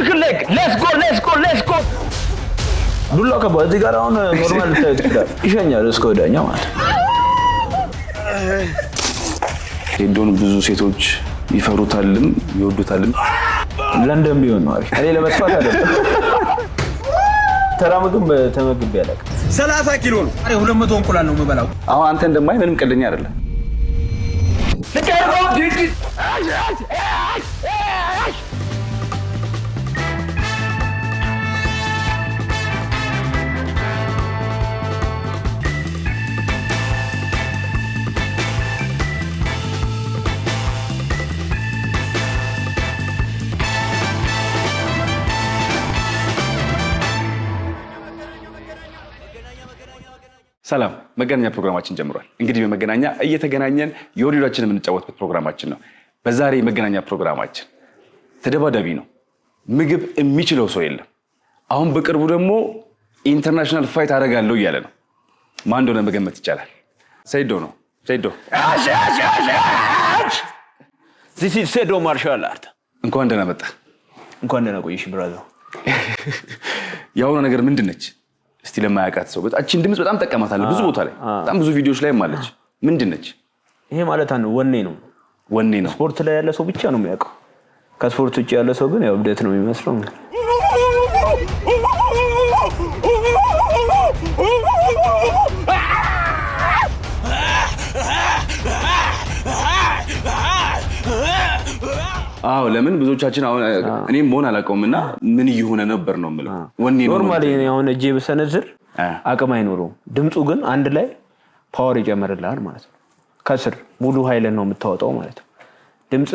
ችክን ሌግ ሌስ ጎ ሌስ ጎ ሌስ ጎ ዱላ ከባ እዚህ ጋር አሁን ኖርማል ይሸኛል እስከ ወዳኛ ማለት ቴዶን ብዙ ሴቶች ይፈሩታልም ይወዱታልም። ለንደን ቢሆን ነው አሪፍ። እኔ ለመጥፋት አለ ተራ ምግብ ተመግቤ አላውቅም። ሰላሳ ኪሎ ነው አሬ ሁለት መቶ እንቁላል ነው የምበላው። አሁን አንተ እንደማይ ምንም ቀልደኛ አይደለም። ሰላም መገናኛ ፕሮግራማችን ጀምሯል። እንግዲህ በመገናኛ እየተገናኘን የወዲዳችን የምንጫወትበት ፕሮግራማችን ነው። በዛሬ የመገናኛ ፕሮግራማችን ተደባዳቢ ነው። ምግብ የሚችለው ሰው የለም። አሁን በቅርቡ ደግሞ ኢንተርናሽናል ፋይት አደርጋለሁ እያለ ነው። ማን እንደሆነ መገመት ይቻላል። ሰይዶ ነው። ሰይዶ ሴዶ ማርሻል አርት። እንኳን ደህና መጣ። እንኳን ደህና ቆየሽ ብራዘር። የአሁኑ ነገር ምንድን ነች? እስቲ ለማያውቃት ሰው እቺን ድምፅ በጣም ጠቀማታለ ብዙ ቦታ ላይ በጣም ብዙ ቪዲዮዎች ላይ አለች። ምንድን ነች ይሄ? ማለት አንድ ወኔ ነው። ወኔ ነው። ስፖርት ላይ ያለ ሰው ብቻ ነው የሚያውቀው። ከስፖርት ውጭ ያለ ሰው ግን ያው እብደት ነው የሚመስለው። አዎ ለምን ብዙዎቻችን አሁን እኔ መሆን አላውቀውም እና ምን እየሆነ ነበር ነው የምለው። ኖርማሊ አሁን እጄ ብሰነዝር አቅም አይኖረውም። ድምፁ ግን አንድ ላይ ፓወር ይጨምርልሃል ማለት ነው። ከስር ሙሉ ሀይልን ነው የምታወጣው ማለት ነው። ድምፅ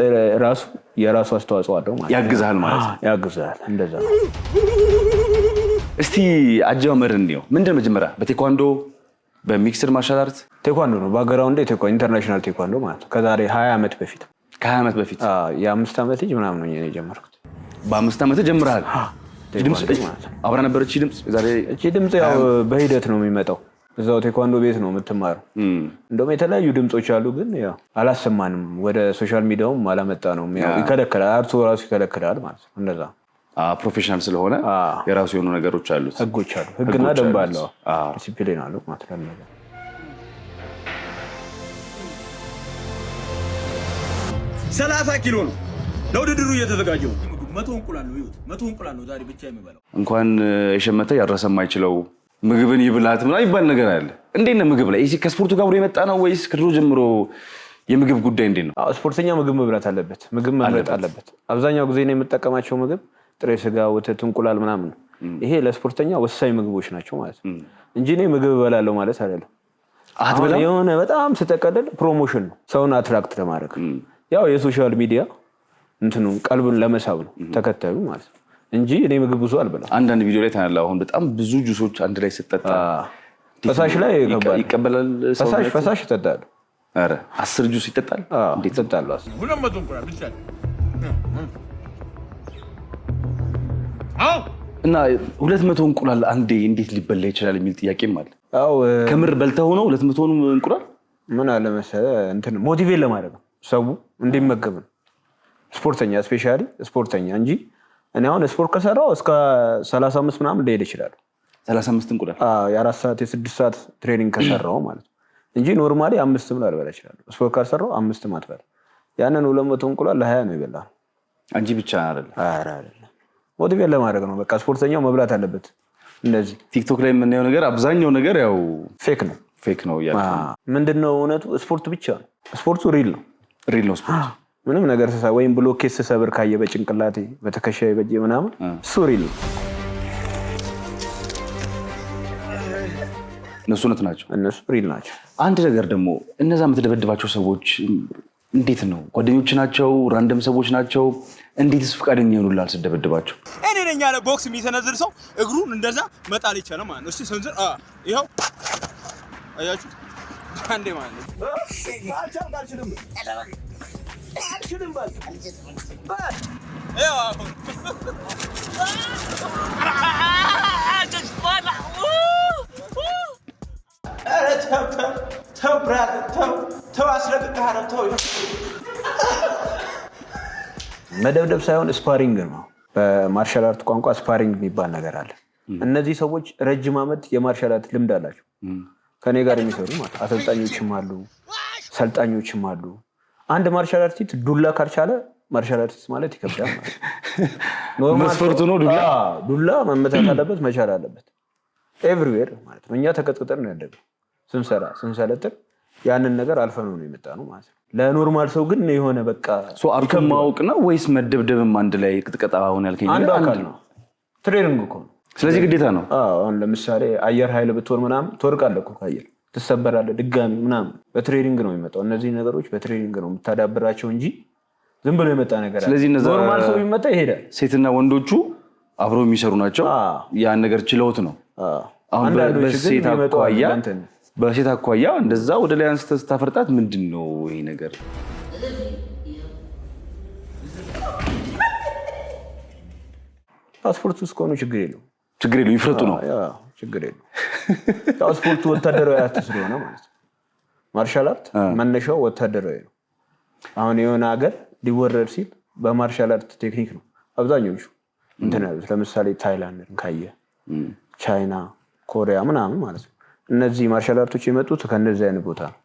ራሱ የራሱ አስተዋጽኦ አለው ማለት ያግዛል ማለት ነው። ያግዛል እንደዛ እስቲ አጀማመር እንየው። ምንድን መጀመሪያ በቴኳንዶ በሚክስድ ማርሻል አርት ቴኳንዶ ነው በሀገራው እንደ ኢንተርናሽናል ቴኳንዶ ማለት ነው። ከዛሬ ሀያ ዓመት በፊት ከሀያ ዓመት በፊት የአምስት ዓመት ልጅ ምናምን ነው የጀመርኩት። በአምስት ዓመት ጀምረሃል። አብራ ነበረች ድምፅ። እቺ ድምፅ ያው በሂደት ነው የሚመጣው። እዛው ቴኳንዶ ቤት ነው የምትማረው። እንደውም የተለያዩ ድምፆች አሉ፣ ግን ያው አላሰማንም። ወደ ሶሻል ሚዲያውም አላመጣ ነው ይከለከላል። አርቶ ራሱ ይከለክላል ማለት ነው። እንደዛ ፕሮፌሽናል ስለሆነ የራሱ የሆኑ ነገሮች አሉት፣ ህጎች አሉ። ህግና ደንብ አለው፣ ዲሲፕሊን አለው ማለት ነው። 30 ኪሎ ነው። ለውድድሩ እየተዘጋጀው መቶ እንቁላል ነው። ይኸውት መቶ እንቁላል ነው ዛሬ ብቻ የሚበላው። እንኳን የሸመተ ያረሰ የማይችለው ምግብን ይብላት ምናምን ይባል ነገር አለ። እንዴት ነው ምግብ ላይ ከስፖርቱ ጋር የመጣ ነው ወይስ ከድሮ ጀምሮ የምግብ ጉዳይ እንዴት ነው? ስፖርተኛ ምግብ መብላት አለበት፣ ምግብ መምረጥ አለበት። አብዛኛው ጊዜ ነው የምጠቀማቸው ምግብ ጥሬ ስጋ፣ ወተት፣ እንቁላል ምናምን ነው። ይሄ ለስፖርተኛ ወሳኝ ምግቦች ናቸው ማለት ነው እንጂ እኔ ምግብ እበላለሁ ማለት አይደለም። የሆነ በጣም ስጠቀልል ፕሮሞሽን ነው ሰውን አትራክት ለማድረግ ያው የሶሻል ሚዲያ እንትኑ ቀልብን ለመሳብ ነው ተከታዩ ማለት ነው እንጂ እኔ ምግብ ብዙ አልበላም። አንዳንድ ቪዲዮ ላይ ተናለ አሁን በጣም ብዙ ጁሶች አንድ ላይ ስጠጣ ፈሳሽ ላይ ይቀበላል። ፈሳሽ ፈሳሽ ይጠጣሉ። ኧረ አስር ጁስ ይጠጣል ይጠጣሉ። እና ሁለት መቶ እንቁላል አንዴ እንዴት ሊበላ ይችላል የሚል ጥያቄም አለ። ከምር በልተው ነው ሁለት መቶ እንቁላል ምን አለ መሰለህ እንትን ሞቲቬት ለማድረግ ነው ሰው እንዲመገብ ነው። ስፖርተኛ ስፔሻሊ ስፖርተኛ እንጂ እኔ አሁን ስፖርት ከሰራው እስከ ሰላሳ አምስት ምናምን ልሄድ ይችላል። ሰላሳ የአራት ሰዓት የስድስት ሰዓት ትሬኒንግ ከሰራው ማለት ነው እንጂ ኖርማሊ አምስትም ላልበላ ይችላሉ። ስፖርት ካልሰራው አምስትም አትበላ። ያንን ሁለት መቶ እንቁላል ለሀያ ነው የበላ ነው እንጂ ብቻ አይደለም። ሞቲቬት ለማድረግ ነው። በቃ ስፖርተኛው መብላት አለበት። እንደዚህ ቲክቶክ ላይ የምናየው ነገር አብዛኛው ነገር ያው ፌክ ነው ፌክ ነው። ምንድን ነው እውነቱ? ስፖርት ብቻ ነው። ስፖርቱ ሪል ነው። ሪሎስ ምንም ነገር ስሳ ወይም ብሎኬት ስሰብር ካየ በጭንቅላቴ በተከሻ በጅ ምናምን እሱ ሪል ነው። እነሱ እውነት ናቸው፣ እነሱ ሪል ናቸው። አንድ ነገር ደግሞ እነዛ የምትደበድባቸው ሰዎች እንዴት ነው? ጓደኞች ናቸው? ራንደም ሰዎች ናቸው? እንዴትስ ፈቃደኛ ይሆኑላል ስደበድባቸው? እኔ ነኝ ያለ ቦክስ የሚሰነዝር ሰው እግሩን እንደዛ መጣል ይቻላል ማለት ነው። እስኪ ሰንዝር። ይኸው አያችሁ አንዴ ማለት መደብደብ ሳይሆን ስፓሪንግ ነው። በማርሻል አርት ቋንቋ ስፓሪንግ የሚባል ነገር አለ። እነዚህ ሰዎች ረጅም ዓመት የማርሻል አርት ልምድ አላቸው። ከኔ ጋር የሚሰሩ ማለት አሰልጣኞችም አሉ፣ ሰልጣኞችም አሉ። አንድ ማርሻል አርቲስት ዱላ ካልቻለ ማርሻል አርቲስት ማለት ይከብዳል። መስፈርቱ ነው ዱላ። ዱላ መመታት አለበት፣ መቻል አለበት። ኤቭሪዌር ማለት ነው። እኛ ተቀጥቅጠን ነው ያደገው ስንሰራ ስንሰለጥን ያንን ነገር አልፈን ነው የመጣ ነው ማለት ነው። ለኖርማል ሰው ግን የሆነ በቃ አርቱን ማወቅ ነው ወይስ መደብደብም አንድ ላይ ቅጥቀጣ? ሆን ያልከኝ አንዱ አካል ነው ትሬኒንግ እኮ ነው ስለዚህ ግዴታ ነው። አሁን ለምሳሌ አየር ኃይል ብትሆን ምናምን ትወድቃለህ እኮ ከአየር ትሰበራለህ ድጋሚ ምናምን። በትሬኒንግ ነው የሚመጣው። እነዚህ ነገሮች በትሬኒንግ ነው የምታዳብራቸው እንጂ ዝም ብሎ የመጣ ነገር ስለዚህ ኖርማል ሰው ቢመጣ ይሄዳል። ሴትና ወንዶቹ አብረው የሚሰሩ ናቸው። ያን ነገር ችለውት ነው አሁን በሴት አኳያ በሴት አኳያ እንደዛ ወደ ላይ አንስተህ ስታፈርጣት ምንድን ነው ይሄ ነገር? ፓስፖርት ውስጥ ከሆኑ ችግር የለውም ችግር የለው ይፍረቱ ነው ችግር የለው። ያው ስፖርቱ ወታደራዊ አርት ስለሆነ ማለት ነው። ማርሻል አርት መነሻው ወታደራዊ ነው። አሁን የሆነ ሀገር ሊወረድ ሲል በማርሻል አርት ቴክኒክ ነው አብዛኞቹ እንትን ያሉት። ለምሳሌ ታይላንድን ካየ ቻይና፣ ኮሪያ ምናምን ማለት ነው። እነዚህ ማርሻል አርቶች የመጡት ከእነዚህ አይነት ቦታ ነው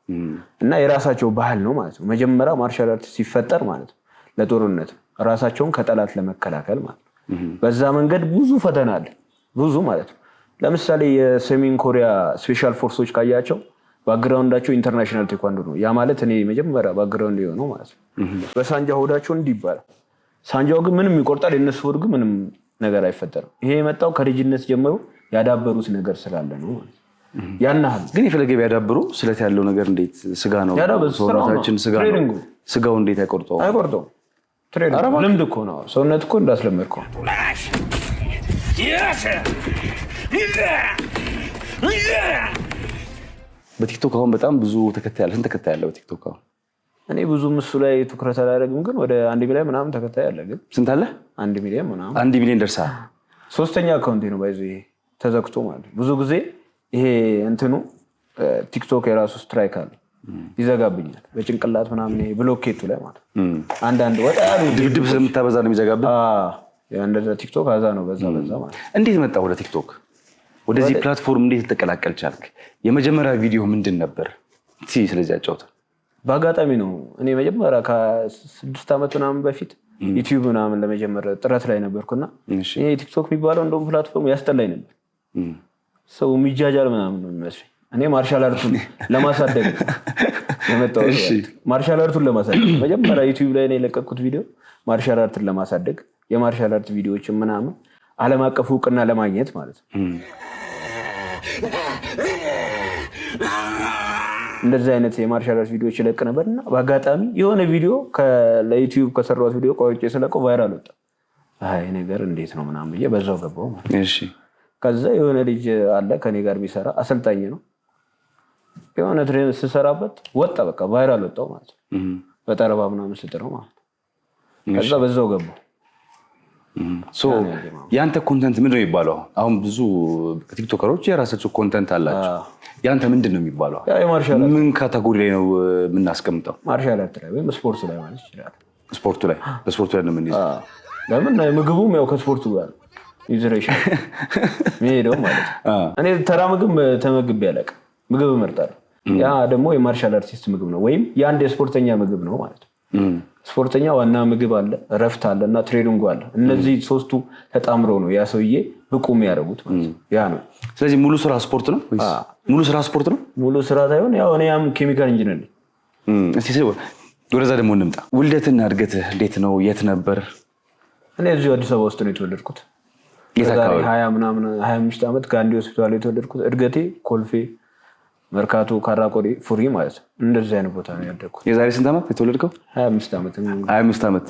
እና የራሳቸው ባህል ነው ማለት ነው። መጀመሪያ ማርሻል አርት ሲፈጠር ማለት ነው ለጦርነት ራሳቸውን ከጠላት ለመከላከል ማለት ነው። በዛ መንገድ ብዙ ፈተና አለ። ብዙ ማለት ነው። ለምሳሌ የሰሜን ኮሪያ ስፔሻል ፎርሶች ካያቸው ባክግራውንዳቸው ኢንተርናሽናል ቴኳንዶ ነው። ያ ማለት እኔ መጀመሪያ ባክግራውንድ የሆነው ማለት ነው። በሳንጃ ሆዳቸው እንዲህ ይባላል። ሳንጃው ግን ምንም ይቆርጣል፣ የእነሱ ሆድ ግን ምንም ነገር አይፈጠርም። ይሄ የመጣው ከልጅነት ጀምሮ ያዳበሩት ነገር ስላለ ነው ማለት ነው። ያናህል ግን የፈለገ ያዳብሩ ስለት ያለው ነገር እንዴት ስጋ ነው ሰውነታችን ስጋ ነው። ስጋው እንዴት አይቆርጠው አይቆርጠው። ልምድ እኮ ነው ሰውነት እኮ እንዳስለመድከው በቲክቶክ አሁን በጣም ብዙ ተከታይ አለ። ስንት ተከታይ አለ በቲክቶክ አሁን? እኔ ብዙ እሱ ላይ ትኩረት አላደረግም፣ ግን ወደ አንድ ሚሊዮን ምናምን ተከታይ አለ። ግን ስንት አለ? አንድ ሚሊዮን ምናምን። አንድ ሚሊዮን ደርሳ ሶስተኛ አካውንቴ ነው ባይዞ። ይሄ ተዘግቶ ማለት ብዙ ጊዜ ይሄ እንትኑ ቲክቶክ የራሱ ስትራይክ አለ፣ ይዘጋብኛል በጭንቅላት ምናምን ብሎኬቱ ላይ ማለት አንዳንድ ወጣ ድብድብ ስለምታበዛ ነው የሚዘጋብን እንደ ቲክቶክ አዛ ነው። በዛ በዛ ማለት እንዴት መጣ ወደ ቲክቶክ ወደዚህ ፕላትፎርም እንዴት ልትቀላቀል ቻልክ? የመጀመሪያ ቪዲዮ ምንድን ነበር? ስለዚህ አጫውተ በአጋጣሚ ነው። እኔ መጀመሪያ ከስድስት ዓመት ምናምን በፊት ዩቲዩብ ምናምን ለመጀመር ጥረት ላይ ነበርኩና ቲክቶክ የሚባለው እንደውም ፕላትፎርም ያስጠላኝ ነበር። ሰው የሚጃጃል ምናምን ነው የሚመስለኝ። እኔ ማርሻል አርቱን ለማሳደግ የመጣው ማርሻል አርቱን ለማሳደግ መጀመሪያ ዩቲዩብ ላይ የለቀኩት ቪዲዮ ማርሻል አርቱን ለማሳደግ የማርሻል አርት ቪዲዮዎችን ምናምን ዓለም አቀፍ እውቅና ለማግኘት ማለት ነው። እንደዚህ አይነት የማርሻል አርት ቪዲዮዎች ይለቅ ነበር እና በአጋጣሚ የሆነ ቪዲዮ ለዩቲዩብ ከሰራት ቪዲዮ ቆይቼ ስለቀው ቫይራል ወጣ። አይ ነገር እንዴት ነው ምናምን ብዬ በዛው ገባው ማለት ነው። ከዛ የሆነ ልጅ አለ ከኔ ጋር የሚሰራ አሰልጣኝ ነው። የሆነ ትሬን ስሰራበት ወጣ፣ በቃ ቫይራል ወጣው ማለት ነው። በጠረባ ምናምን ስጥረው ማለት ነው። ከዛ በዛው ገባው ያንተ ኮንተንት ምንድነው ነው የሚባለው? አሁን ብዙ ቲክቶከሮች የራሳቸው ኮንተንት አላቸው። ያንተ ምንድን ነው የሚባለው? ምን ካታጎሪ ላይ ነው የምናስቀምጠው? ማርሻል አርት ላይ ወይም ስፖርት ላይ ማለት ይችላል። ስፖርቱ ላይ በስፖርቱ ላይ ነው የምንይዘው። ለምን ምግቡም ያው ከስፖርቱ ጋር ዩዝሬሽን ሚሄደው ማለት ነው። እኔ ተራ ምግብ ተመግቤ አላውቅም። ምግብ እመርጣለሁ። ያ ደግሞ የማርሻል አርቲስት ምግብ ነው ወይም የአንድ የስፖርተኛ ምግብ ነው ማለት ነው። ስፖርተኛ ዋና ምግብ አለ፣ እረፍት አለ እና ትሬኒንግ አለ። እነዚህ ሶስቱ ተጣምረው ነው ያ ሰውዬ ብቁ የሚያደርጉት ያ ነው። ስለዚህ ሙሉ ስራ ስፖርት ነው። ሙሉ ስራ ስፖርት ነው። ሙሉ ስራ ሳይሆን ያው እኔ ያም ኬሚካል ኢንጂነር ነኝ። ወደዛ ደግሞ እንምጣ። ውልደትና እድገት እንዴት ነው? የት ነበር? እኔ እዚሁ አዲስ አበባ ውስጥ ነው የተወለድኩት። ሀያ ምናምን ሀያ አምስት ዓመት ከአንድ ሆስፒታል የተወለድኩት። እድገቴ ኮልፌ መርካቶ ካራቆሬ ፉሪ ማለት ነው። እንደዚህ አይነት ቦታ ነው ያደግኩት። የዛሬ ስንት ዓመት የተወለድከው? ሀያ አምስት ዓመት ሀያ አምስት ዓመት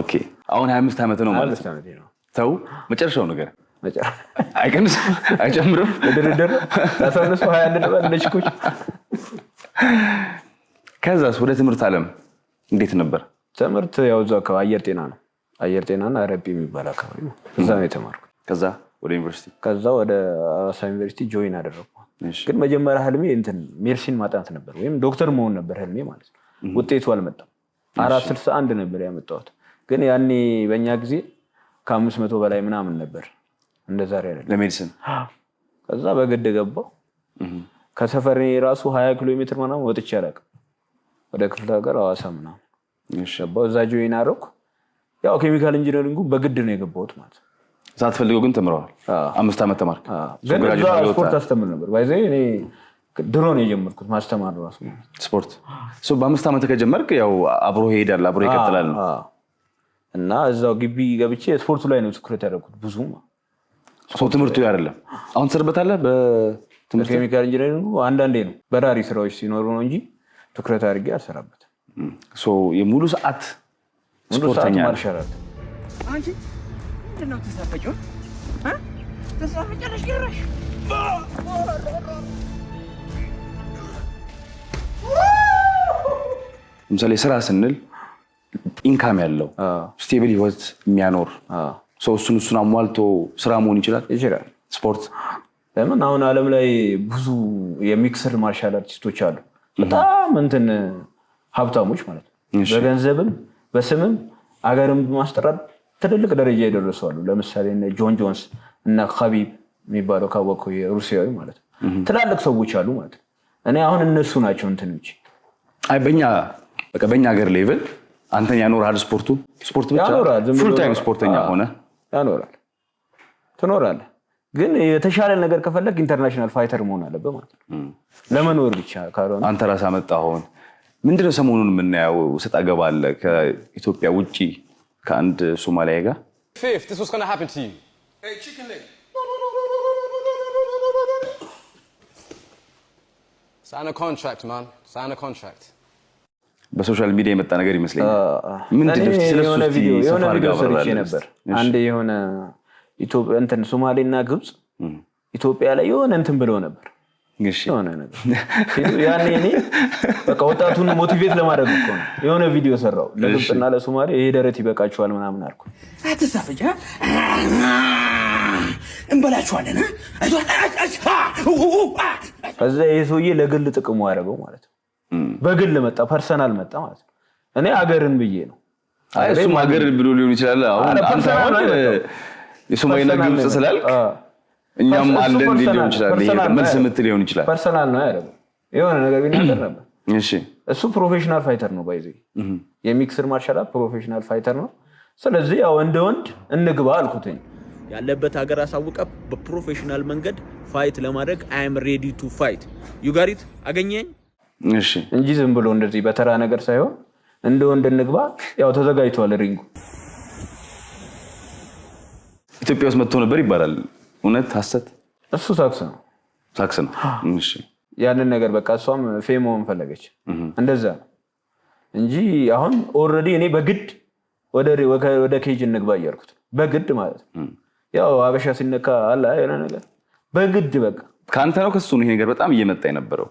ኦኬ። አሁን ሀያ አምስት ዓመት ነው ማለት ነው። ተው መጨረሻው ነገር አይቀንስ አይጨምርም። ድርድር ታሳነሱ ሀያ አንድ ከዛስ ወደ ትምህርት አለም እንዴት ነበር ትምህርት? ያው እዛው አካባቢ አየር ጤና ነው። አየር ጤናና ረቢ የሚባል አካባቢ ነው። እዛ ነው የተማርኩት። ከዛ ወደ ዩኒቨርሲቲ ከዛ ወደ ሀዋሳ ዩኒቨርሲቲ ጆይን አደረግኩ ግን መጀመሪያ ህልሜ እንትን ሜርሲን ማጥናት ነበር ወይም ዶክተር መሆን ነበር ህልሜ ማለት ነው። ውጤቱ አልመጣም። አራት ስልሳ አንድ ነበር ያመጣሁት። ግን ያኔ በእኛ ጊዜ ከአምስት መቶ በላይ ምናምን ነበር እንደዛሬ አይደለም ለሜዲሲን። ከዛ በግድ ገባው። ከሰፈር ራሱ ሀያ ኪሎ ሜትር ምናምን ወጥቼ አላውቅም። ወደ ክፍለ ሀገር አዋሳ ምናምን ገባው። እዛ ጆይን አደረኩ። ያው ኬሚካል ኢንጂነሪንጉ በግድ ነው የገባሁት ማለት ነው። ሳትፈልገው ግን ተምረዋል። አምስት ዓመት ተማርክ። ስፖርት አስተምር ነበር እኔ ድሮ ነው የጀመርኩት ማስተማር ራሱ ስፖርት። በአምስት ዓመት ከጀመርክ ያው አብሮ ይሄዳል አብሮ ይቀጥላል ነው እና እዛው ግቢ ገብቼ ስፖርቱ ላይ ነው ትኩረት ያደረኩት ብዙ ትምህርቱ አይደለም። አሁን ትሰራበታለህ በትምህርት ኬሚካል ኢንጂነሪንግ አንዳንዴ ነው በራሪ ስራዎች ሲኖሩ ነው እንጂ ትኩረት አድርጌ አልሰራበትም። የሙሉ ሰዓት ስፖርተኛ ምንድን ነው ተሳፈጭው? ተሳፈጨለሽ ጭራሽ ለምሳሌ ስራ ስንል ኢንካም ያለው ስቴብል ህይወት የሚያኖር ሰው እሱን እሱን አሟልቶ ስራ መሆን ይችላል ይችላል። ስፖርት ለምን አሁን ዓለም ላይ ብዙ የሚክስር ማርሻል አርቲስቶች አሉ። በጣም እንትን ሀብታሞች ማለት ነው በገንዘብም በስምም አገርም በማስጠራት ትልልቅ ደረጃ የደረሱ አሉ። ለምሳሌ ጆን ጆንስ እና ከቢብ የሚባለው ካወቀው የሩሲያዊ ማለት ነው። ትላልቅ ሰዎች አሉ ማለት ነው። እኔ አሁን እነሱ ናቸው እንትኖች። አይ በኛ በቃ በኛ ሀገር ሌቭል አንተን ያኖርሃል ስፖርቱ። ስፖርት ብቻ ፉል ታይም ስፖርተኛ ሆነ ያኖራል ትኖራለ ግን የተሻለ ነገር ከፈለግ ኢንተርናሽናል ፋይተር መሆን አለበት ማለት ነው። ለመኖር ብቻ ካልሆነ አንተ ራስህ አመጣኸውን። ምንድነው ሰሞኑን የምናየው ስጥ አለ ከኢትዮጵያ ውጭ ከአንድ ሶማሊያ ጋር በሶሻል ሚዲያ የመጣ ነገር ይመስለኛል። ሶማሌና ግብፅ ኢትዮጵያ ላይ የሆነ እንትን ብለው ነበር ያኔ እኔ በቃ ወጣቱን ሞቲቬት ለማድረግ እኮ ነው የሆነ ቪዲዮ ሰራው ለግብፅና ለሶማሌ ይሄ ደረት ይበቃችኋል ምናምን አልኩ። አትሳፈጫ እንበላችኋለን። ከዛ ይህ ሰውዬ ለግል ጥቅሙ አደረገው ማለት ነው። በግል መጣ፣ ፐርሰናል መጣ ማለት ነው። እኔ አገርን ብዬ ነው። እሱም ሀገር ብሎ ሊሆን ይችላል። አሁን አንተ የሶማሌና ግብፅ ስላልክ እኛም አለ እንዲ ሊሆን ይችላል። መልስ ምት ሊሆን ይችላል። ፐርሰናል ነው አይደለም። የሆነ ነገር ቢናገር ነበር። እሱ ፕሮፌሽናል ፋይተር ነው ባይዘ የሚክስር ማርሻል ፕሮፌሽናል ፋይተር ነው። ስለዚህ ያው እንደ ወንድ እንግባ አልኩትኝ። ያለበት ሀገር አሳውቀ በፕሮፌሽናል መንገድ ፋይት ለማድረግ አይም ሬዲ ቱ ፋይት ዩጋሪት አገኘኝ እንጂ ዝም ብሎ እንደዚህ በተራ ነገር ሳይሆን እንደ ወንድ እንግባ። ያው ተዘጋጅቷል ሪንጉ ኢትዮጵያ ውስጥ መጥቶ ነበር ይባላል እውነት ሀሰት እሱ ሳክስ ነው ሳክስ ነው። ያንን ነገር በቃ እሷም ፌም መሆን ፈለገች እንደዛ እንጂ አሁን ኦልሬዲ እኔ በግድ ወደ ኬጅ እንግባ እያልኩት በግድ ማለት ነው። ያው ሀበሻ ሲነካ አለ የሆነ ነገር በግድ በቃ ከአንተ ነው ከሱ ነው ይሄ ነገር በጣም እየመጣ የነበረው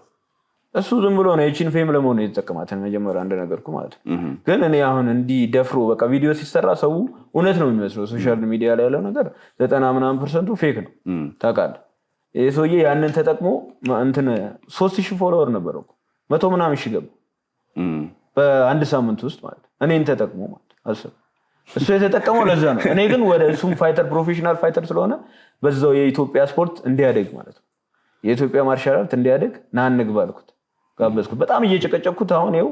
እሱ ዝም ብሎ ነው የቺን ፌም ለመሆኑ የተጠቀማት መጀመሪያ እንደነገርኩ ማለት ነው። ግን እኔ አሁን እንዲህ ደፍሮ በቃ ቪዲዮ ሲሰራ ሰው እውነት ነው የሚመስለው። ሶሻል ሚዲያ ላይ ያለው ነገር ዘጠና ምናምን ፐርሰንቱ ፌክ ነው ታውቃለህ። ይህ ሰውዬ ያንን ተጠቅሞ እንትን ሶስት ሺህ ፎሎወር ነበረ መቶ ምናምን ሺህ ገባ በአንድ ሳምንት ውስጥ ማለት እኔን ተጠቅሞ ማለት አስብ። እሱ የተጠቀመው ለዛ ነው። እኔ ግን ወደ እሱም ፋይተር ፕሮፌሽናል ፋይተር ስለሆነ በዛው የኢትዮጵያ ስፖርት እንዲያደግ ማለት ነው የኢትዮጵያ ማርሻል አርት እንዲያደግ ና እንግባ አልኩት። ጋበዝኩት። በጣም እየጨቀጨኩት አሁን ይኸው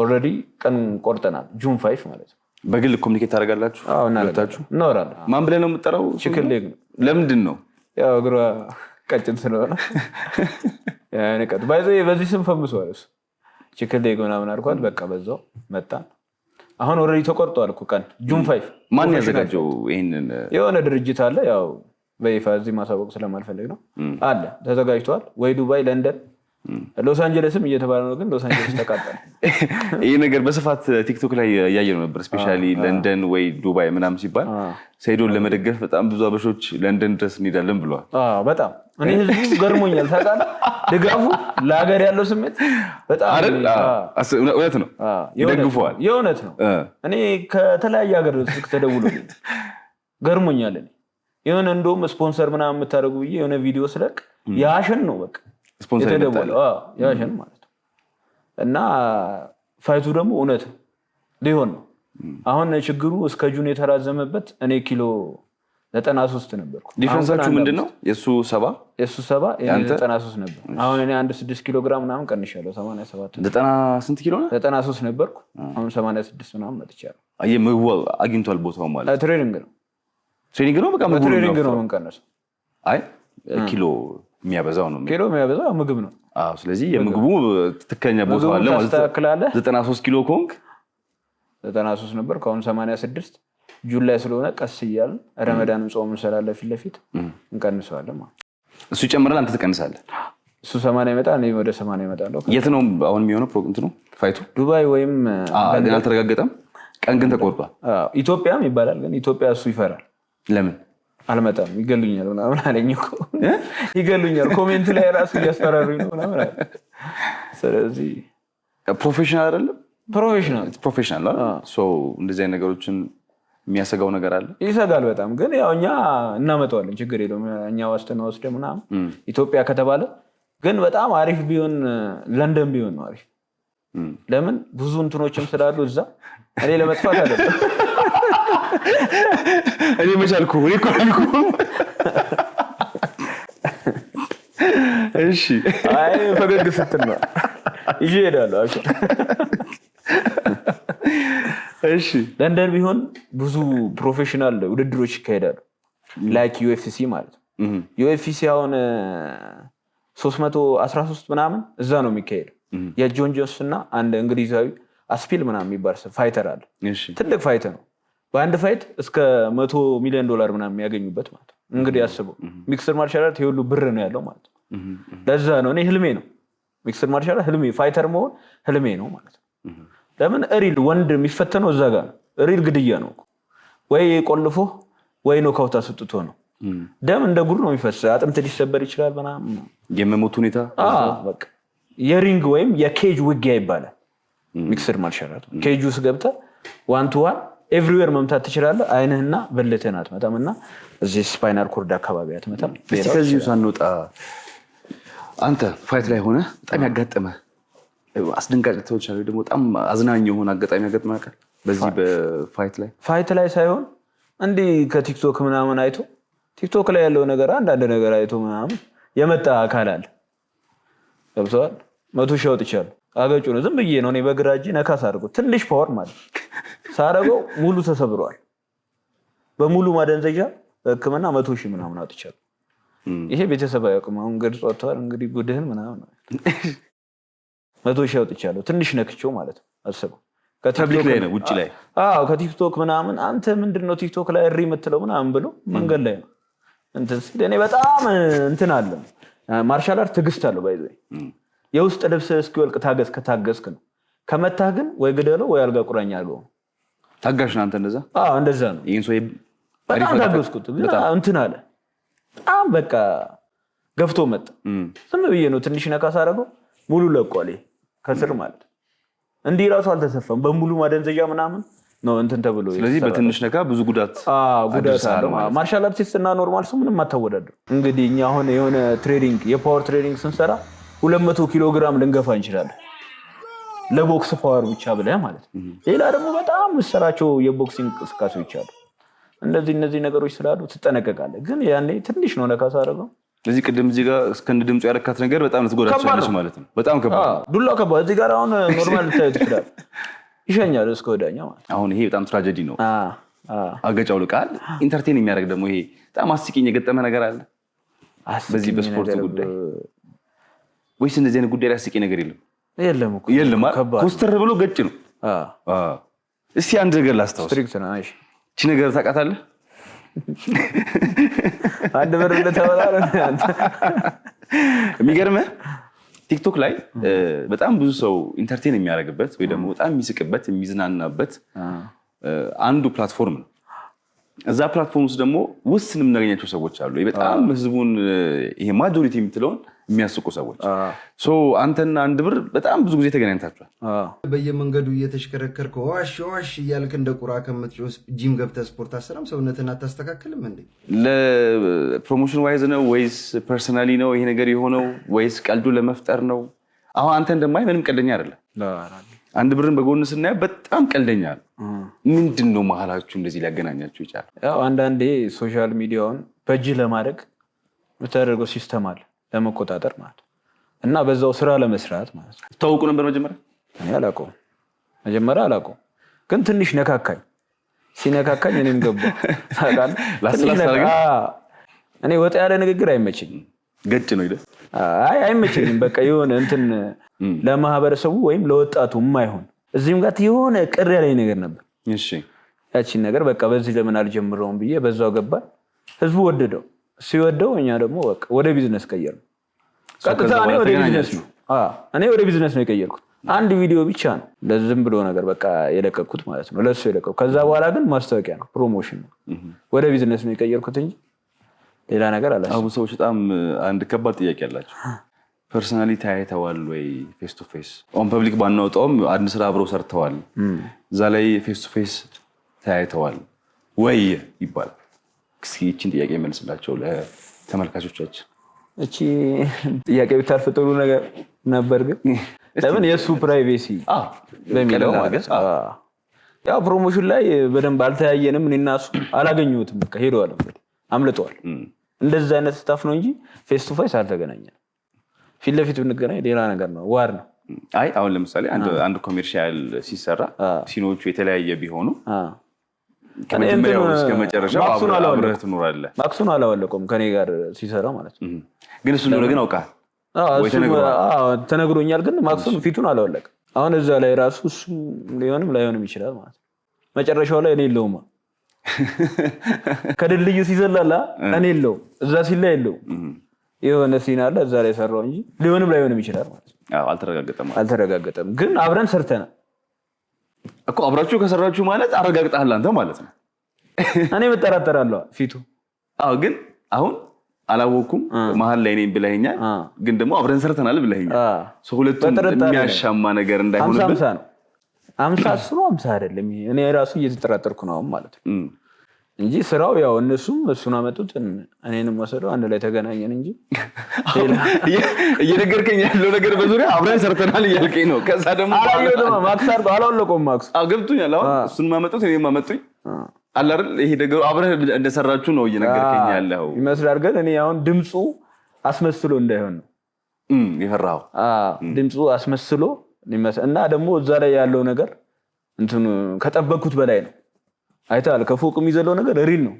ኦልሬዲ ቀን ቆርጠናል። ጁን ፋይፍ ማለት ነው። በግል ኮሚኒኬት ታደርጋላችሁ? እናረጋችሁ እናወራለን። ማን ብለህ ነው የምጠራው? ችክል ለምንድን ነው? ያው እግሯ ቀጭን ስለሆነ ባይዘ በዚህ ስም ፈምሰዋል። እሱ ችክል ሌግ ምናምን አልኳት። በቃ በዛው መጣ። አሁን ኦልሬዲ ተቆርጧል እኮ ቀን ጁን ፋይፍ። ማን ያዘጋጀው ይህንን? የሆነ ድርጅት አለ ያው በይፋ እዚህ ማሳወቅ ስለማልፈልግ ነው አለ ተዘጋጅተዋል። ወይ ዱባይ፣ ለንደን ሎስ አንጀለስም እየተባለ ነው፣ ግን ሎስ አንጀለስ ተቃጠለ። ይህ ነገር በስፋት ቲክቶክ ላይ እያየ ነው ነበር። እስፔሻሊ ለንደን ወይ ዱባይ ምናምን ሲባል ሰይዶን ለመደገፍ በጣም ብዙ አበሾች ለንደን ድረስ እንሄዳለን ብለዋል። በጣም እኔ ህዝቡ ገርሞኛል። ታቃለ ድጋፉ ለሀገር ያለው ስሜት በጣም እውነት ነው፣ ይደግፈዋል። የእውነት ነው። እኔ ከተለያየ ሀገር ስልክ ተደውሎ ገርሞኛል። የሆነ እንደውም ስፖንሰር ምናምን የምታደርጉ ብዬ የሆነ ቪዲዮ ስለቅ ያሽን ነው በቃ የተደወለው ማለት ነው። እና ፋይቱ ደግሞ እውነት ሊሆን ነው። አሁን ችግሩ እስከ ጁን የተራዘመበት እኔ ኪሎ ዘጠና ሶስት ነበርኩ። ዲፈረንሳችሁ ምንድን ነው? የእሱ ሰባ የእሱ ሰባ ዘጠና ሶስት ነበር። አሁን እኔ አንድ ስድስት ኪሎ ግራም ምናምን ቀንሻለሁ። ሰማንያ ሰባት ዘጠና ስንት ኪሎ ዘጠና ሶስት ነበርኩ። አሁን ሰማንያ ስድስት ምናምን መጥቻለሁ። ምግቡ አግኝቷል ቦታው ማለት ትሬኒንግ ነው። ትሬኒንግ ነው። በቃ ትሬኒንግ ነው የምንቀነሰው። አይ ኪሎ የሚያበዛው ነው። ኪሎ የሚያበዛው ምግብ ነው። ስለዚህ የምግቡ ትክክለኛ ቦታ አለ ማለት ዘጠና ሶስት ኪሎ ኮንክ ዘጠና ሶስት ነበር ከአሁኑ ሰማንያ ስድስት ጁላይ ስለሆነ ቀስ እያል ረመዳንም ጾም ስላለ ፊት ለፊት እንቀንሰዋለን ማለት እሱ ይጨምራል፣ አንተ ትቀንሳለህ። እሱ ሰማንያ ይመጣ እኔ ወደ ሰማንያ ይመጣለሁ። የት ነው አሁን የሚሆነው ነው ፋይቱ? ዱባይ ወይም ግን አልተረጋገጠም። ቀን ግን ተቆርጧል። ኢትዮጵያም ይባላል፣ ግን ኢትዮጵያ እሱ ይፈራል። ለምን አልመጣም ይገሉኛል ምናምን አለኝ እኮ ይገሉኛል። ኮሜንት ላይ ራሱ እያስፈራሩኝ ነው ምናምን ስለዚህ ፕሮፌሽናል አይደለም ፕሮፌሽናል ፕሮፌሽናል እንደዚህ አይነት ነገሮችን የሚያሰጋው ነገር አለ። ይሰጋል በጣም ግን ያው እኛ እናመጣዋለን፣ ችግር የለውም እኛ ዋስትና ወስደ ምናምን ኢትዮጵያ ከተባለ ግን በጣም አሪፍ ቢሆን ለንደን ቢሆን ነው አሪፍ። ለምን ብዙ እንትኖችም ስላሉ እዛ እኔ ለመጥፋት አለ እኔ መቻልኩ እኔ እኮ እሺ፣ ፈገግ ስትል ነው ይዤ እሄዳለሁ። እሺ፣ ለንደን ቢሆን ብዙ ፕሮፌሽናል ውድድሮች ይካሄዳሉ። ላይክ ዩኤፍሲ ማለት ነው። ዩኤፍሲ አሁን ሶስት መቶ ምናምን እዛ ነው የሚካሄደው። የጆን ጆንስ እና አንድ እንግሊዛዊ አስፒል ምናምን የሚባል ፋይተር አለ። ትልቅ ፋይተር ነው በአንድ ፋይት እስከ መቶ ሚሊዮን ዶላር ምናምን የሚያገኙበት ማለት ነው። እንግዲህ አስበው ሚክስድ ማርሻል አርት የሁሉ ብር ነው ያለው ማለት ነው። ለዛ ነው እኔ ህልሜ ነው ሚክስድ ማርሻል ህልሜ፣ ፋይተር መሆን ህልሜ ነው ማለት ነው። ለምን እሪል ወንድ የሚፈተነው እዛ ጋር ነው። ሪል ግድያ ነው ወይ ቆልፎ ወይ ከውታ ስጥቶ ነው። ደም እንደ ጉድ ነው የሚፈስ፣ አጥንት ሊሰበር ይችላል ምናምን የመሞት ሁኔታ የሪንግ ወይም የኬጅ ውጊያ ይባላል ሚክስድ ማርሻል አርት ኬጅ ውስጥ ገብተህ ዋን ቱ ዋን ኤቭሪዌር መምታት ትችላለህ። አይንህና ብልትህን አትመታም እና እዚህ ስፓይናል ኮርድ አካባቢ አትመታም። ከዚሁ ሳንወጣ አንተ ፋይት ላይ ሆነ በጣም ያጋጠመ አስደንጋጭ ተዎች ደግሞ በጣም አዝናኝ የሆነ አጋጣሚ ያጋጥመ ያውቃል? በዚህ በፋይት ላይ ፋይት ላይ ሳይሆን እንዲህ ከቲክቶክ ምናምን አይቶ ቲክቶክ ላይ ያለው ነገር አንዳንድ ነገር አይቶ ምናምን የመጣ አካል አለ ገብተዋል። መቶ ሺህ አውጥቻለሁ አገጩ ነው። ዝም ብዬ ነው እኔ በግራ እጅ ነካ ሳድርገው ትንሽ ፓወር ማለት ሳደርገው ሙሉ ተሰብረዋል። በሙሉ ማደንዘዣ በህክምና መቶ ሺህ ምናምን አውጥቻለሁ። ይሄ ቤተሰብ አያውቅም። አሁን ገድጽ ወጥተዋል። እንግዲህ ጉድህን ምናምን መቶ ሺህ አውጥቻለሁ። ትንሽ ነክቸው ማለት ነው። አስበው ውጭ ላይ ከቲክቶክ ምናምን አንተ ምንድን ነው ቲክቶክ ላይ እሪ የምትለው ምናምን ብሎ መንገድ ላይ ነው እንትን ሲል እኔ በጣም እንትን አለ ማርሻል አርት ትዕግስት አለው ባይዘ የውስጥ ልብስ እስኪወልቅ ታገዝ ከታገዝክ ነው። ከመታህ ግን ወይ ግደለው ወይ አልጋ ቁረኝ አልገው። ታጋሽ ነው አንተ። እንደዛ እንደዛ ነው። በጣም ታገዝኩት። እንትን አለ በጣም በቃ ገፍቶ መጣ። ዝም ብዬ ነው ትንሽ ነካ ሳደርገው ሙሉ ለቋል ከስር ማለት እንዲህ ራሱ አልተሰፋም። በሙሉ ማደንዘዣ ምናምን ነው እንትን ተብሎ። ስለዚህ በትንሽ ነካ ብዙ ጉዳት ማርሻል አርቲስት እና ኖርማል ሰው ምንም አታወዳደሩ። እንግዲህ እኛ አሁን የሆነ ትሬዲንግ የፓወር ትሬዲንግ ስንሰራ 200 ኪሎ ግራም ልንገፋ እንችላለን። ለቦክስ ፓወር ብቻ ብለ ማለት ነው። ሌላ ደግሞ በጣም ምሰራቸው የቦክሲንግ እንቅስቃሴዎች አሉ። እነዚህ እነዚህ ነገሮች ስላሉ ትጠነቀቃለህ። ግን ያኔ ትንሽ ነው ነካ ሳደርገው እዚህ ቅድም እዚህ ጋር እስከንድ ድምፁ ያረካት ነገር በጣም ልትጎዳቸዋለች ማለት ነው። በጣም ከባድ ዱላ ከባድ። እዚህ ጋር አሁን ኖርማል ልታዩ ትችላል። ይሸኛል እስከ ወዳኛ ማለት አሁን ይሄ በጣም ትራጀዲ ነው። አገጫው ልቃል ኢንተርቴን የሚያደርግ ደግሞ ይሄ በጣም አስቂኝ የገጠመ ነገር አለ በዚህ በስፖርት ጉዳይ ወይስ እንደዚህ አይነት ጉዳይ ላይ አስቂ ነገር የለም? የለም እኮ የለም። ኮስተር ብሎ ገጭ ነው። እስቲ አንድ ነገር ላስታውስ። እቺ ነገር ታውቃታለህ? አንድ በር ለተበላ የሚገርምህ ቲክቶክ ላይ በጣም ብዙ ሰው ኢንተርቴን የሚያደርግበት ወይ ደግሞ በጣም የሚስቅበት የሚዝናናበት አንዱ ፕላትፎርም ነው። እዛ ፕላትፎርም ውስጥ ደግሞ ውስን የምናገኛቸው ሰዎች አሉ። በጣም ህዝቡን ይሄ ማጆሪቲ የምትለውን የሚያስቁ ሰዎች። አንተና አንድ ብር በጣም ብዙ ጊዜ ተገናኝታችኋል። በየመንገዱ እየተሽከረከር ዋሽ ዋሽ እያልክ እንደ ቁራ ከምትጮህ ጂም ገብተህ ስፖርት አሰራም ሰውነትን አታስተካክልም እንዴ? ለፕሮሞሽን ዋይዝ ነው ወይስ ፐርሰናሊ ነው ይሄ ነገር የሆነው ወይስ ቀልዱ ለመፍጠር ነው? አሁን አንተ እንደማይ ምንም ቀልደኛ አይደለም። አንድ ብርን በጎን ስናየው በጣም ቀልደኛ ነው። ምንድን ነው መሀላችሁ እንደዚህ ሊያገናኛችሁ ይቻላል? ያው አንዳንዴ ሶሻል ሚዲያውን በእጅ ለማድረግ የምታደርገው ሲስተም አለ ለመቆጣጠር ማለት እና በዛው ስራ ለመስራት ማለት ነው። ታውቁ ነበር መጀመሪያ? እኔ አላውቀውም፣ መጀመሪያ አላውቀውም፣ ግን ትንሽ ነካካኝ። ሲነካካኝ እኔም ገባ እኔ ወጣ ያለ ንግግር አይመችኝም። ገጭ ነው ይደ አይ አይመችኝም። በቃ የሆነ እንትን ለማህበረሰቡ ወይም ለወጣቱ የማይሆን እዚህም ጋር የሆነ ቅር ያለኝ ነገር ነበር። ያቺን ነገር በቃ በዚህ ለምን አልጀምረውም ብዬ በዛው ገባል። ህዝቡ ወደደው። ሲወደው እኛ ደግሞ ወደ ቢዝነስ ቀየር ነውእኔ ቀጥታ እኔ ወደ ቢዝነስ ነው እኔ ወደ ቢዝነስ ነው የቀየርኩት። አንድ ቪዲዮ ብቻ ነው ለዝም ብሎ ነገር በቃ የለቀኩት ማለት ነው፣ ለሱ የለቀኩት። ከዛ በኋላ ግን ማስታወቂያ ነው፣ ፕሮሞሽን ነው። ወደ ቢዝነስ ነው የቀየርኩት እንጂ ሌላ ነገር አላ። አሁን ሰዎች በጣም አንድ ከባድ ጥያቄ አላቸው። ፐርሶናሊ ተያይተዋል ወይ? ፌስ ቱ ፌስ ኦን ፐብሊክ ባናወጣውም አንድ ስራ አብረው ሰርተዋል። እዛ ላይ ፌስ ቱ ፌስ ተያይተዋል ወይ ይባላል እስኪችን ጥያቄ መልስላቸው ለተመልካቾቻችን። እቺ ጥያቄ ብታልፍ ጥሩ ነገር ነበር፣ ግን ለምን የእሱ ፕራይቬሲ በሚለው ማለት ያው ፕሮሞሽን ላይ በደንብ አልተያየንም። እኔና እሱ አላገኘሁትም። በቃ ሄደዋል፣ አምልጠዋል። እንደዚህ አይነት ስታፍ ነው እንጂ ፌስ ቱ ፌስ አልተገናኘንም። ፊት ለፊት ብንገናኝ ሌላ ነገር ነው፣ ዋር ነው። አይ አሁን ለምሳሌ አንድ ኮሜርሻል ሲሰራ ሲኖቹ የተለያየ ቢሆኑ ከመጀመሪያው እስከ አብረህ ትኖራለህ። ማክሱን አላወለቀውም ከኔ ጋር ሲሰራ ማለት ነው። ግን እሱ እንደሆነ ግን አውቃል ተነግሮኛል። ግን ማክሱን ፊቱን አላወለቅም። አሁን እዛ ላይ ራሱ እሱም ሊሆንም ላይሆንም ይችላል ማለት ነው። መጨረሻው ላይ እኔ የለውም ከድልድዩ ሲዘላላ እኔ የለውም እዛ ሲላ የለውም የሆነ ሲን አለ እዛ ላይ ሰራው እንጂ ሊሆንም ላይሆንም ይችላል ማለት ነው። አልተረጋገጠም። ግን አብረን ሰርተናል እኮ አብራችሁ ከሰራችሁ ማለት አረጋግጠሃል አንተ ማለት ነው። እኔ እጠራጠራለሁ ፊቱ። አዎ ግን አሁን አላወቅኩም። መሀል ላይ እኔን ብለኸኛል፣ ግን ደግሞ አብረን ሰርተናል ብለኸኛል። ሁለቱም የሚያሻማ ነገር እንዳይሆንብን ነው። አምሳ ስሩ ነው አምሳ አይደለም። እኔ ራሱ እየተጠራጠርኩ ነው ማለት ነው። እንጂ ስራው ያው እነሱም እሱን አመጡት እኔንም ወሰዱ። አንድ ላይ ተገናኘን እንጂ እየነገርከኝ ያለው ነገር በዙሪያ አብረን ሰርተናል እያልከኝ ነው። ከዛ ደግሞ ማክስ አላወለቀውም። ማክስ ገብቶኛል። አሁን እሱን ማመጡት እኔም አመጡኝ አላርል ይሄ ነገሩ አብረህ እንደሰራችሁ ነው እየነገርከኝ ያለው ይመስላል። ግን እኔ አሁን ድምፁ አስመስሎ እንዳይሆን ነው የፈራኸው። ድምፁ አስመስሎ እና ደግሞ እዛ ላይ ያለው ነገር እንትኑ ከጠበቅኩት በላይ ነው አይተሃል። ከፎቅ የሚዘለው ነገር ሪል ነው።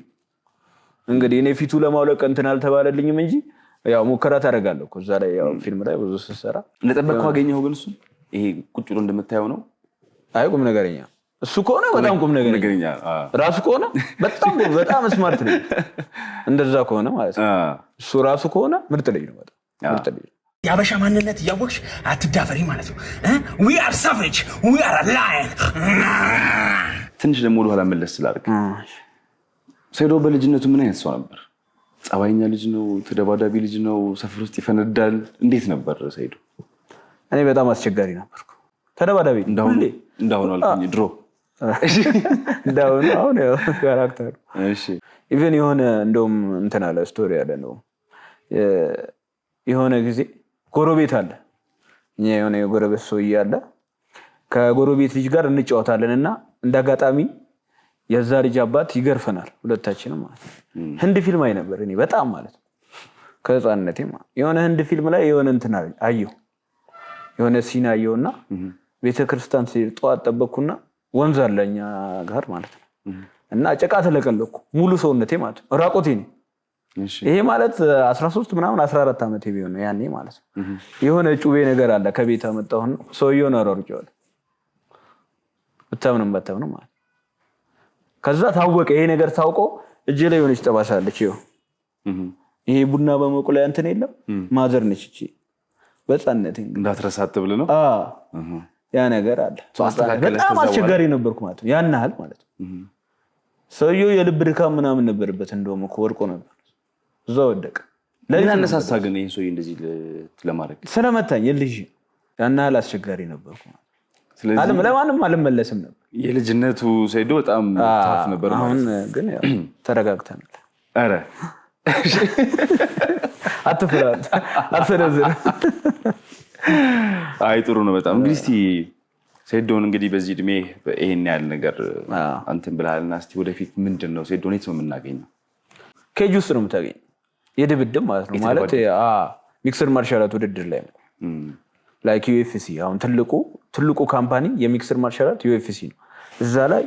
እንግዲህ እኔ ፊቱ ለማውለቅ እንትን አልተባለልኝም እንጂ ያው ሙከራ ታደርጋለሁ ከዛ እዛ ላይ ያው ፊልም ላይ ብዙ ስትሰራ እንደጠበቅከው አገኘኸው። ግን እሱ ይሄ ቁጭ ብሎ እንደምታየው ነው። አይ ቁም ነገረኛ እሱ ከሆነ በጣም ቁም ነገረኛ ራሱ ከሆነ በጣም በጣም ስማርት ነው። እንደዛ ከሆነ ማለት ነው እሱ ራሱ ከሆነ ምርጥ ልጅ ነው፣ በጣም ምርጥ ልጅ ነው። የአበሻ ማንነት እያወቅሽ አትዳፈሪ ማለት ነው። ዊ አር ሳቬጅ ዊ አር ላይን። ትንሽ ደግሞ ወደኋላ መለስ ስላደርግ ሴዶ በልጅነቱ ምን አይነት ሰው ነበር? ጸባይኛ ልጅ ነው? ተደባዳቢ ልጅ ነው? ሰፈር ውስጥ ይፈነዳል? እንዴት ነበር ሰይዶ? እኔ በጣም አስቸጋሪ ነበርኩ። ተደባዳቢ እንዳሁኑ አልኩኝ። ድሮ እንዳሁኑ አሁን ካራክተሩ ኢቨን የሆነ እንደውም እንትን አለ ስቶሪ ያለ ነው የሆነ ጊዜ ጎረቤት አለ የሆነ የጎረቤት ሰውዬ አለ። ከጎረቤት ልጅ ጋር እንጫወታለን እና እንደ አጋጣሚ የዛ ልጅ አባት ይገርፈናል ሁለታችን ማለት ህንድ ፊልም አይ ነበር እኔ በጣም ማለት ከህፃንነቴ የሆነ ህንድ ፊልም ላይ የሆነ እንትን አየሁ የሆነ ሲና እና ቤተክርስቲያን ሲሄድ ጠዋት ጠበቅኩና ወንዝ አለ እኛ ጋር ማለት ነው እና ጭቃ ተለቀለኩ ሙሉ ሰውነቴ ማለት ነው ራቆቴ ነው ይሄ ማለት 13 ምናምን 14 ዓመት ቢሆን ነው ያኔ ማለት ነው። የሆነ ጩቤ ነገር አለ ከቤት መጣሁን ሰውየውን አሯሩጬዋለሁ ብታምንም ባታምንም ማለት ከዛ ታወቀ። ይሄ ነገር ታውቆ እጅ ላይ የሆነች ጠባሳ አለች። ይሄ ቡና በመቁለያ እንትን የለም ማዘር ነች እቺ በጻነት እንዳትረሳት ብለህ ነው ያ ነገር አለ። በጣም አስቸጋሪ ነበርኩ ማለት ነው። ያን ያህል ማለት ነው። ሰውየው የልብ ድካም ምናምን ነበርበት። እንደውም እኮ ወድቆ ነበር እዛ ወደቀ። ለምን አነሳሳ ግን ይህን ሰውዬ እንደዚህ ለማድረግ? ስለመታኝ የልጅ ያና ያህል አስቸጋሪ ነበርኩ። ለማንም አልመለስም ነበር። የልጅነቱ ሰይዶ በጣም ታፍ ነበር። አሁን ግን ተረጋግተናል። ኧረ አትፍራ፣ አትሰነዝር። አይ ጥሩ ነው በጣም እንግዲህ እስኪ ሴዶን እንግዲህ በዚህ እድሜ ይሄን ያህል ነገር አንትን ብልሃልና፣ እስኪ ወደፊት ምንድን ነው ሴዶን የት ነው የምናገኘው? ኬጅ ውስጥ ነው የምታገኘው። የድብድብ ማለት ነው ማለት ሚክስድ ማርሻላት ውድድር ላይ ነው። ላይክ ዩኤፍሲ አሁን ትልቁ ትልቁ ካምፓኒ የሚክስድ ማርሻላት ዩኤፍሲ ነው። እዛ ላይ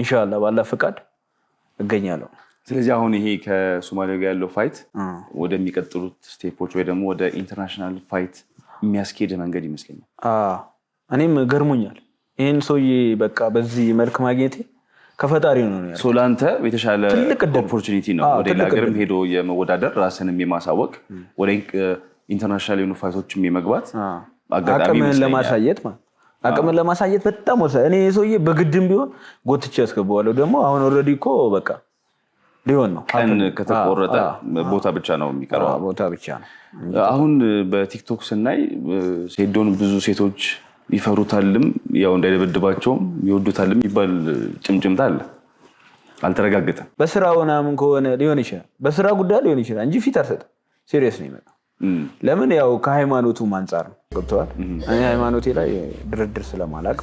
እንሻላ ባላ ፍቃድ እገኛለሁ። ስለዚህ አሁን ይሄ ከሶማሌ ጋር ያለው ፋይት ወደሚቀጥሉት ስቴፖች ወይ ደግሞ ወደ ኢንተርናሽናል ፋይት የሚያስኬድ መንገድ ይመስለኛል። እኔም ገርሞኛል ይህን ሰውዬ በቃ በዚህ መልክ ማግኘቴ ከፈጣሪ ነው ለአንተ የተሻለ ኦፖርቹኒቲ ነው። ወደ ሀገርም ሄዶ የመወዳደር ራስንም የማሳወቅ ወደ ኢንተርናሽናል የሆኑ ፋይቶችም የመግባት አቅምህን ለማሳየት አቅምን ለማሳየት በጣም ወሰ እኔ ሰውዬ በግድም ቢሆን ጎትቼ ያስገባዋለሁ። ደግሞ አሁን ኦልሬዲ እኮ በቃ ሊሆን ነው። ቀን ከተቆረጠ ቦታ ብቻ ነው የሚቀረው። ቦታ ብቻ ነው። አሁን በቲክቶክ ስናይ ሴዶን ብዙ ሴቶች ይፈሩታልም፣ ያው እንዳይደበድባቸውም ይወዱታልም ይባል ጭምጭምታ አለ። አልተረጋገጠም። በስራ ምናምን ከሆነ ሊሆን ይችላል፣ በስራ ጉዳይ ሊሆን ይችላል እንጂ ፊት አልሰጥም። ሲሪየስ ነው ይመጣ ለምን ያው ከሃይማኖቱም አንጻር ነው። ገብተዋል። እኔ ሃይማኖቴ ላይ ድርድር ስለማላቅ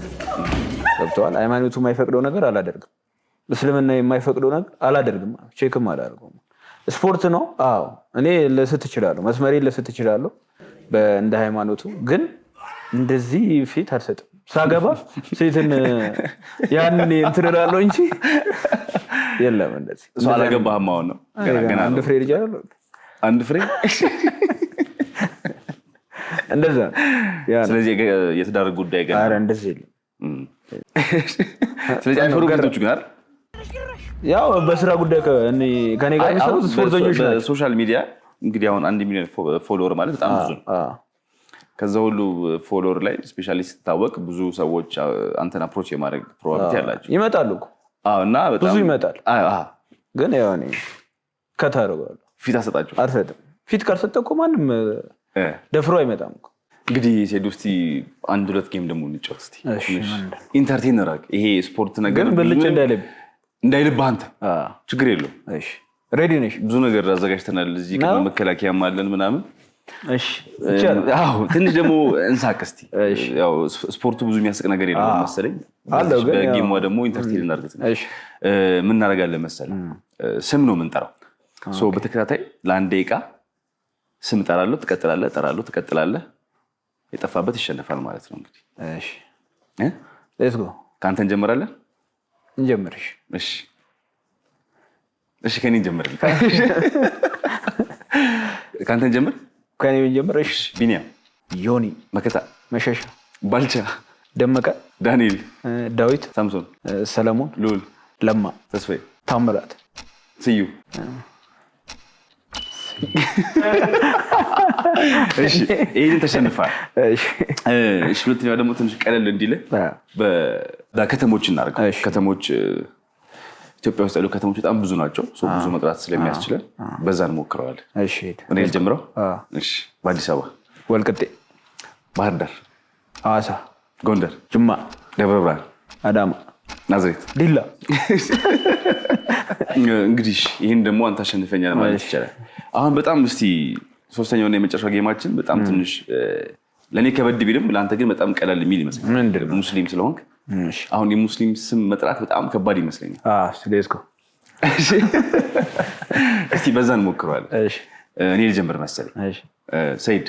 ገብተዋል። ሃይማኖቱ የማይፈቅደው ነገር አላደርግም። እስልምና የማይፈቅደው ነገር አላደርግም። ቼክም አላደርገውም። ስፖርት ነው። አዎ እኔ ልስት እችላለሁ፣ መስመሬ ልስት እችላለሁ እንደ ሃይማኖቱ ግን እንደዚህ ፊት አልሰጥም። ሳገባ ሴትን ያን እንትን እንጂ የለም እንደዚህ እሱ አላገባህም። አሁን ነው አንድ ፍሬ ልጅ አንድ ፍሬ እንደዛ። ስለዚህ የትዳር ጉዳይ ገና እንደዚህ የለም። ስለዚህ አይፈሩ ያው በስራ ጉዳይ ከኔ ጋር ስፖርተኞች ሶሻል ሚዲያ እንግዲህ አሁን አንድ ሚሊዮን ፎሎወር ማለት በጣም ብዙ ነው። ከዛ ሁሉ ፎሎወር ላይ ስፔሻሊ ስትታወቅ ብዙ ሰዎች አንተን አፕሮች የማድረግ ፕሮባቢሊቲ አላቸው። ይመጣሉ እና ብዙ ይመጣል። ግን ያኔ ከታደረጓሉ ፊት አሰጣቸው አልሰጥም። ፊት ካልሰጠህ ማንም ደፍሮ አይመጣም። እንግዲህ ሴዱ እስኪ አንድ ሁለት ጌም ደግሞ እንጫወት ስ ኢንተርቴን ራቅ ይሄ ስፖርት ነገር ብልጭ እንዳይልብ እንዳይልብህ አንተ ችግር የለው ሬዲ ነሽ? ብዙ ነገር አዘጋጅተናል። እዚህ መከላከያ አለን ምናምን ትንሽ ደግሞ እንሳቅ እስኪ። ስፖርቱ ብዙ የሚያስቅ ነገር የለ መሰለኝ። በጌማ ደግሞ ኢንተርቴን እናድርገት። ምን እናደርጋለን መሰለህ? ስም ነው የምንጠራው። በተከታታይ ለአንድ ደቂቃ ስም ጠራለ ትቀጥላለ ጠራለ ትቀጥላለ የጠፋበት ይሸነፋል ማለት ነው። እንግዲህ ከአንተ እንጀምራለን። እንጀምርሽ እሺ፣ ከኔ እንጀምር። ከአንተ እንጀምር ከኔ መጀመሪያ ቢኒያም፣ ዮኒ፣ መከታ፣ መሸሻ፣ ባልቻ፣ ደመቀ፣ ዳንኤል፣ ዳዊት፣ ሳምሶን፣ ሰለሞን፣ ሉል፣ ለማ፣ ተስፋዬ፣ ታምራት፣ ስዩ ይህን ተሸንፋል። ሁለተኛ ደግሞ ትንሽ ቀለል እንዲለ በከተሞች እናደርገው ከተሞች ኢትዮጵያ ውስጥ ያሉ ከተሞች በጣም ብዙ ናቸው። ብዙ መጥራት ስለሚያስችለን በዛን ሞክረዋል። እኔ ልጀምረው። በአዲስ አበባ፣ ወልቅጤ፣ ባህር ዳር፣ ሐዋሳ፣ ጎንደር፣ ጅማ፣ ደብረ ብርሃን፣ አዳማ፣ ናዝሬት፣ ዲላ። እንግዲህ ይህን ደግሞ አንተ አሸንፈኛል ማለት ይቻላል። አሁን በጣም እስቲ ሶስተኛውና የመጨረሻ ጌማችን በጣም ትንሽ ለእኔ ከበድ ቢልም ለአንተ ግን በጣም ቀላል የሚል ይመስላል። ሙስሊም ስለሆንክ አሁን የሙስሊም ስም መጥራት በጣም ከባድ ይመስለኛል። ስለስኮ እስቲ በዛ እንሞክረዋለን። እኔ ልጀምር መሰለኝ። ሰይድ፣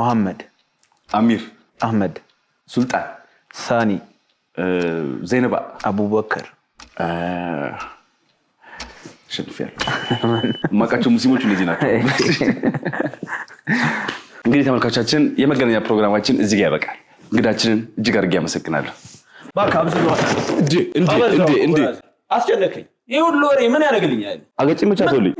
መሐመድ፣ አሚር፣ አህመድ፣ ሱልጣን፣ ሳኒ፣ ዘይነባ፣ አቡበከር ሸልፊያለሁ። ማቃቸው ሙስሊሞች እነዚህ ናቸው። እንግዲህ ተመልካቾቻችን የመገናኛ ፕሮግራማችን እዚህ ያበቃል። እንግዳችንን እጅግ አድርጌ አመሰግናለሁ። አስጨነቀኝ። ይህ ሁሉ ወሬ ምን ያደርግልኛል?